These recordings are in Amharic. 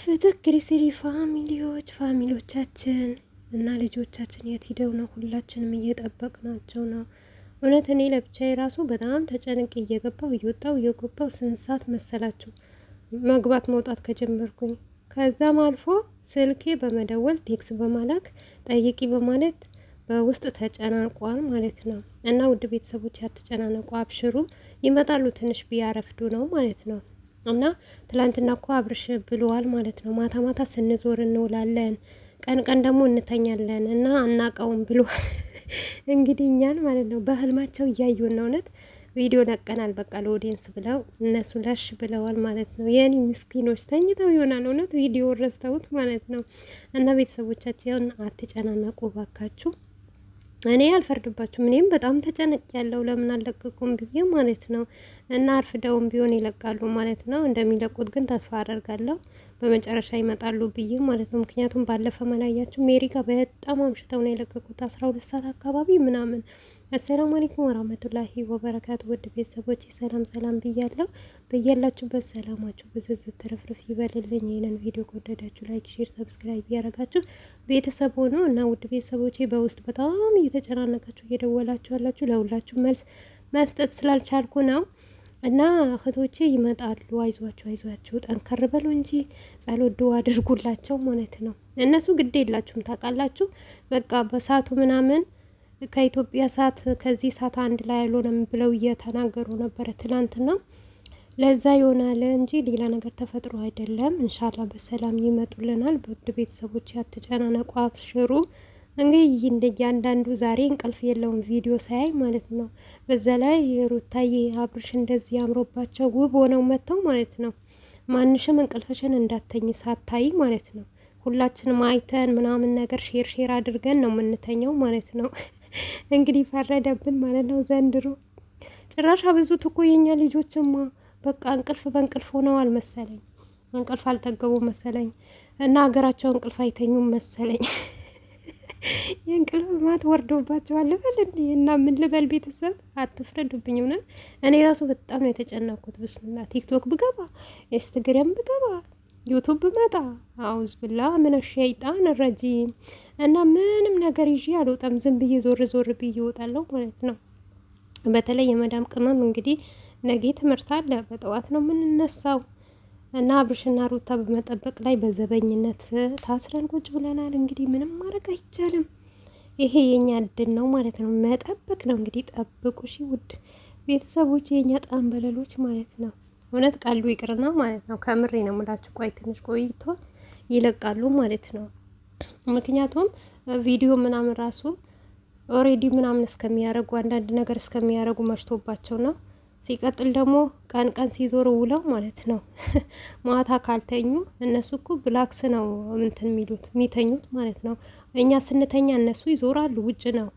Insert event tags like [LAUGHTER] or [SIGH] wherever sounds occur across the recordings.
ፍትህ ግሪሲሪ ፋሚሊዎች ፋሚሊዎቻችን እና ልጆቻችን የት ሂደው ነው? ሁላችንም እየጠበቅናቸው ነው። እውነት እኔ ለብቻ ራሱ በጣም ተጨንቅ እየገባው እየወጣው እየገባው ስንሳት መሰላችሁ መግባት መውጣት ከጀመርኩኝ። ከዛም አልፎ ስልኬ በመደወል ቴክስ በማላክ ጠይቂ በማለት በውስጥ ተጨናንቋል ማለት ነው። እና ውድ ቤተሰቦች ያተጨናነቁ አብሽሩ፣ ይመጣሉ። ትንሽ ቢያረፍዱ ነው ማለት ነው። እና ትላንትና እኮ አብርሽ ብለዋል ማለት ነው። ማታ ማታ ስንዞር እንውላለን፣ ቀን ቀን ደግሞ እንተኛለን እና አናቀውም ብሏል። [LAUGHS] እንግዲህ እኛን ማለት ነው በህልማቸው እያዩን ነው እውነት ቪዲዮ ለቀናል በቃ ለኦዲየንስ ብለው እነሱ ላሽ ብለዋል ማለት ነው። የኔ ምስኪኖች ተኝተው ይሆናል እውነት ቪዲዮ ረስተውት ማለት ነው። እና ቤተሰቦቻችን አትጨናነቁ ባካችሁ። እኔ አልፈርድባችሁም። እኔም በጣም ተጨነቅ ያለው ለምን አልለቀቁም ብዬ ማለት ነው። እና አርፍደውም ቢሆን ይለቃሉ ማለት ነው። እንደሚለቁት ግን ተስፋ አደርጋለሁ በመጨረሻ ይመጣሉ ብዬ ማለት ነው። ምክንያቱም ባለፈ መላያችሁ ሜሪካ በጣም አምሽተው ነው የለቀቁት አስራ ሁለት ሰዓት አካባቢ ምናምን አሰላሙ አለይኩም ወራህመቱላሂ ወበረካቱ። ውድ ቤተሰቦች ሰላም ሰላም ብያለሁ። በያላችሁበት ሰላማችሁ ብዝዝት ትርፍርፍ ይበልልኝ። ይህንን ቪዲዮ ከወደዳችሁ ላይክ፣ ሼር፣ ሰብስክራይብ እያደረጋችሁ ቤተሰብ ሆኖ እና ውድ ቤተሰቦች በውስጥ በጣም እየተጨናነቃችሁ እየደወላችሁ ያላችሁ ለሁላችሁ መልስ መስጠት ስላልቻልኩ ነው እና እህቶቼ ይመጣሉ። አይዟቸው አይዟቸው፣ ጠንከር በሉ እንጂ ጸሎት ድ አድርጉላቸው ማለት ነው። እነሱ ግድ የላችሁም ታውቃላችሁ። በቃ በሳቱ ምናምን ከኢትዮጵያ ሰዓት ከዚህ ሰዓት አንድ ላይ አልሆነም ብለው እየተናገሩ ነበረ ትናንትና። ለዛ ይሆናል እንጂ ሌላ ነገር ተፈጥሮ አይደለም። እንሻላ በሰላም ይመጡልናል። በውድ ቤተሰቦች ያትጨናነቁ አብሽሩ። እንግዲህ እንደ እያንዳንዱ ዛሬ እንቅልፍ የለውም ቪዲዮ ሳያይ ማለት ነው። በዛ ላይ ሩታዬ አብርሽ እንደዚህ አምሮባቸው ውብ ሆነው መጥተው ማለት ነው። ማንሽም እንቅልፍሽን እንዳተኝ ሳታይ ማለት ነው። ሁላችንም አይተን ምናምን ነገር ሼር ሼር አድርገን ነው የምንተኘው ማለት ነው። እንግዲህ ፈረደብን ማለት ነው ዘንድሮ። ጭራሽ ብዙ እኮ የኛ ልጆችማ በቃ እንቅልፍ በእንቅልፍ ሆነዋል መሰለኝ። እንቅልፍ አልጠገቡ መሰለኝ እና ሀገራቸው እንቅልፍ አይተኙም መሰለኝ። የእንቅልፍ ማት ወርዶባቸዋል ልበል እንዲ እና ምን ልበል? ቤተሰብ አትፍረዱብኝ። እውነት እኔ ራሱ በጣም ነው የተጨነኩት። ብስምላ ቲክቶክ ብገባ ኢንስትግራም ብገባ ዩቱብ መጣ አውዝ ብላ ምን ሸይጣን ረጂም እና ምንም ነገር ይዤ አልወጣም። ዝም ብዬ ዞር ዞር ብዬ እወጣለሁ ማለት ነው። በተለይ የመዳም ቅመም እንግዲህ ነገ ትምህርት አለ፣ በጠዋት ነው የምንነሳው እና አብርሽና ሩታ በመጠበቅ ላይ በዘበኝነት ታስረን ቁጭ ብለናል። እንግዲህ ምንም ማድረግ አይቻልም። ይሄ የኛ እድል ነው ማለት ነው። መጠበቅ ነው እንግዲህ ጠብቁ። ሺ ውድ ቤተሰቦች የእኛ ጣም በለሎች ማለት ነው። እውነት ቀልዱ ይቅርና ማለት ነው። ከምሬ ነው የምላችሁ። ቆይ ትንሽ ቆይቶ ይለቃሉ ማለት ነው። ምክንያቱም ቪዲዮ ምናምን ራሱ ኦሬዲ ምናምን እስከሚያደርጉ አንዳንድ ነገር እስከሚያደርጉ መሽቶባቸው ነው። ሲቀጥል ደግሞ ቀን ቀን ሲዞር ውለው ማለት ነው። [LAUGHS] ማታ ካልተኙ እነሱ እኮ ብላክስ ነው እንትን የሚሉት የሚተኙት ማለት ነው። እኛ ስንተኛ እነሱ ይዞራሉ። ውጭ ነው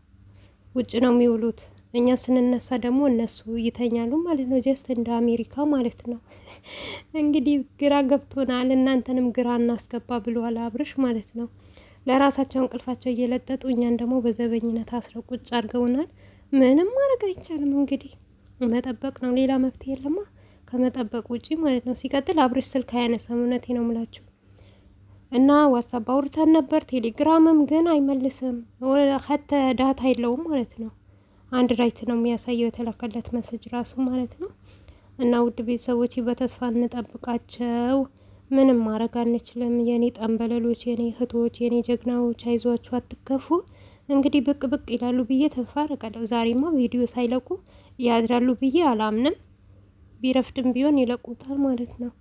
ውጭ ነው የሚውሉት። እኛ ስንነሳ ደግሞ እነሱ ይተኛሉ ማለት ነው። ጀስት እንደ አሜሪካ ማለት ነው። [LAUGHS] እንግዲህ ግራ ገብቶናል፣ እናንተንም ግራ እናስገባ ብለዋል አብርሽ ማለት ነው። ለራሳቸው እንቅልፋቸው እየለጠጡ እኛን ደግሞ በዘበኝነት አስረው ቁጭ አድርገውናል። ምንም ማድረግ አይቻልም። እንግዲህ መጠበቅ ነው፣ ሌላ መፍትሄ የለማ ከመጠበቅ ውጪ ማለት ነው። ሲቀጥል አብርሽ ስልክ አያነሳም፣ እውነቴ ነው ምላችሁ እና ዋትሳፕ አውርተን ነበር፣ ቴሌግራምም ግን አይመልስም፣ ከተ ዳታ የለውም ማለት ነው። አንድ ራይት ነው የሚያሳየው የተላከለት መሰጅ ራሱ ማለት ነው። እና ውድ ቤተሰቦች በተስፋ እንጠብቃቸው። ምንም ማድረግ አንችልም። የኔ ጠንበለሎች፣ የኔ እህቶች፣ የኔ ጀግናዎች አይዟችሁ፣ አትከፉ። እንግዲህ ብቅ ብቅ ይላሉ ብዬ ተስፋ አደርጋለሁ። ዛሬማ ቪዲዮ ሳይለቁ ያድራሉ ብዬ አላምንም። ቢረፍድም ቢሆን ይለቁታል ማለት ነው።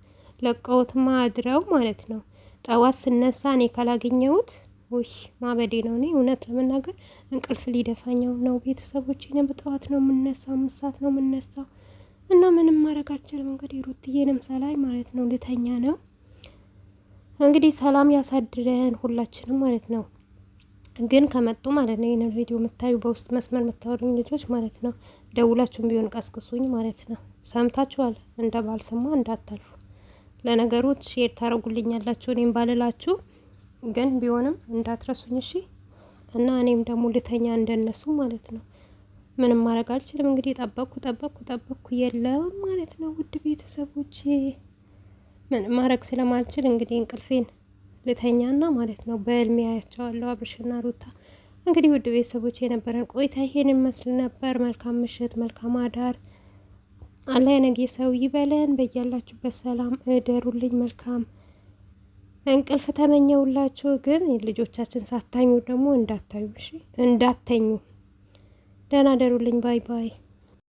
ለቀውትማ አድረው ማለት ነው። ጠዋት ስነሳ እኔ ካላገኘሁት ውሽ ማበዴ ነው። እኔ እውነት ለመናገር እንቅልፍ ሊደፋኛው ነው። ቤተሰቦች ነ በጠዋት ነው የምነሳው፣ አምስት ሰዓት ነው የምነሳው እና ምንም ማድረግ አልችልም። እንግዲህ ሩትዬንም ሰላይ ማለት ነው ልተኛ ነው እንግዲህ ሰላም ያሳድረን ሁላችንም ማለት ነው። ግን ከመጡ ማለት ነው ይህንን ቪዲዮ የምታዩ በውስጥ መስመር የምታወሩኝ ልጆች ማለት ነው ደውላችሁን ቢሆን ቀስቅሱኝ ማለት ነው። ሰምታችኋል፣ እንደ ባልሰማ እንዳታልፉ። ለነገሮች ሼር ታረጉልኛላችሁ እኔም ባልላችሁ ግን ቢሆንም እንዳትረሱኝ እሺ። እና እኔም ደግሞ ልተኛ እንደነሱ ማለት ነው። ምንም ማድረግ አልችልም። እንግዲህ ጠበቅኩ ጠበቅኩ ጠበቅኩ የለም ማለት ነው። ውድ ቤተሰቦች ምንም ማድረግ ስለማልችል እንግዲህ እንቅልፌን ልተኛና ማለት ነው በህልሜ ያያቸዋለሁ አብርሽና ሩታ። እንግዲህ ውድ ቤተሰቦች የነበረን ቆይታ ይሄን ይመስል ነበር። መልካም ምሽት፣ መልካም አዳር። አላይ የነገ ሰው ይበለን። በያላችሁበት ሰላም እደሩልኝ። መልካም እንቅልፍ ተመኘውላችሁ። ግን ልጆቻችን ሳታኙ ደግሞ እንዳታዩ፣ እንዳተኙ። ደህና ደሩልኝ። ባይ ባይ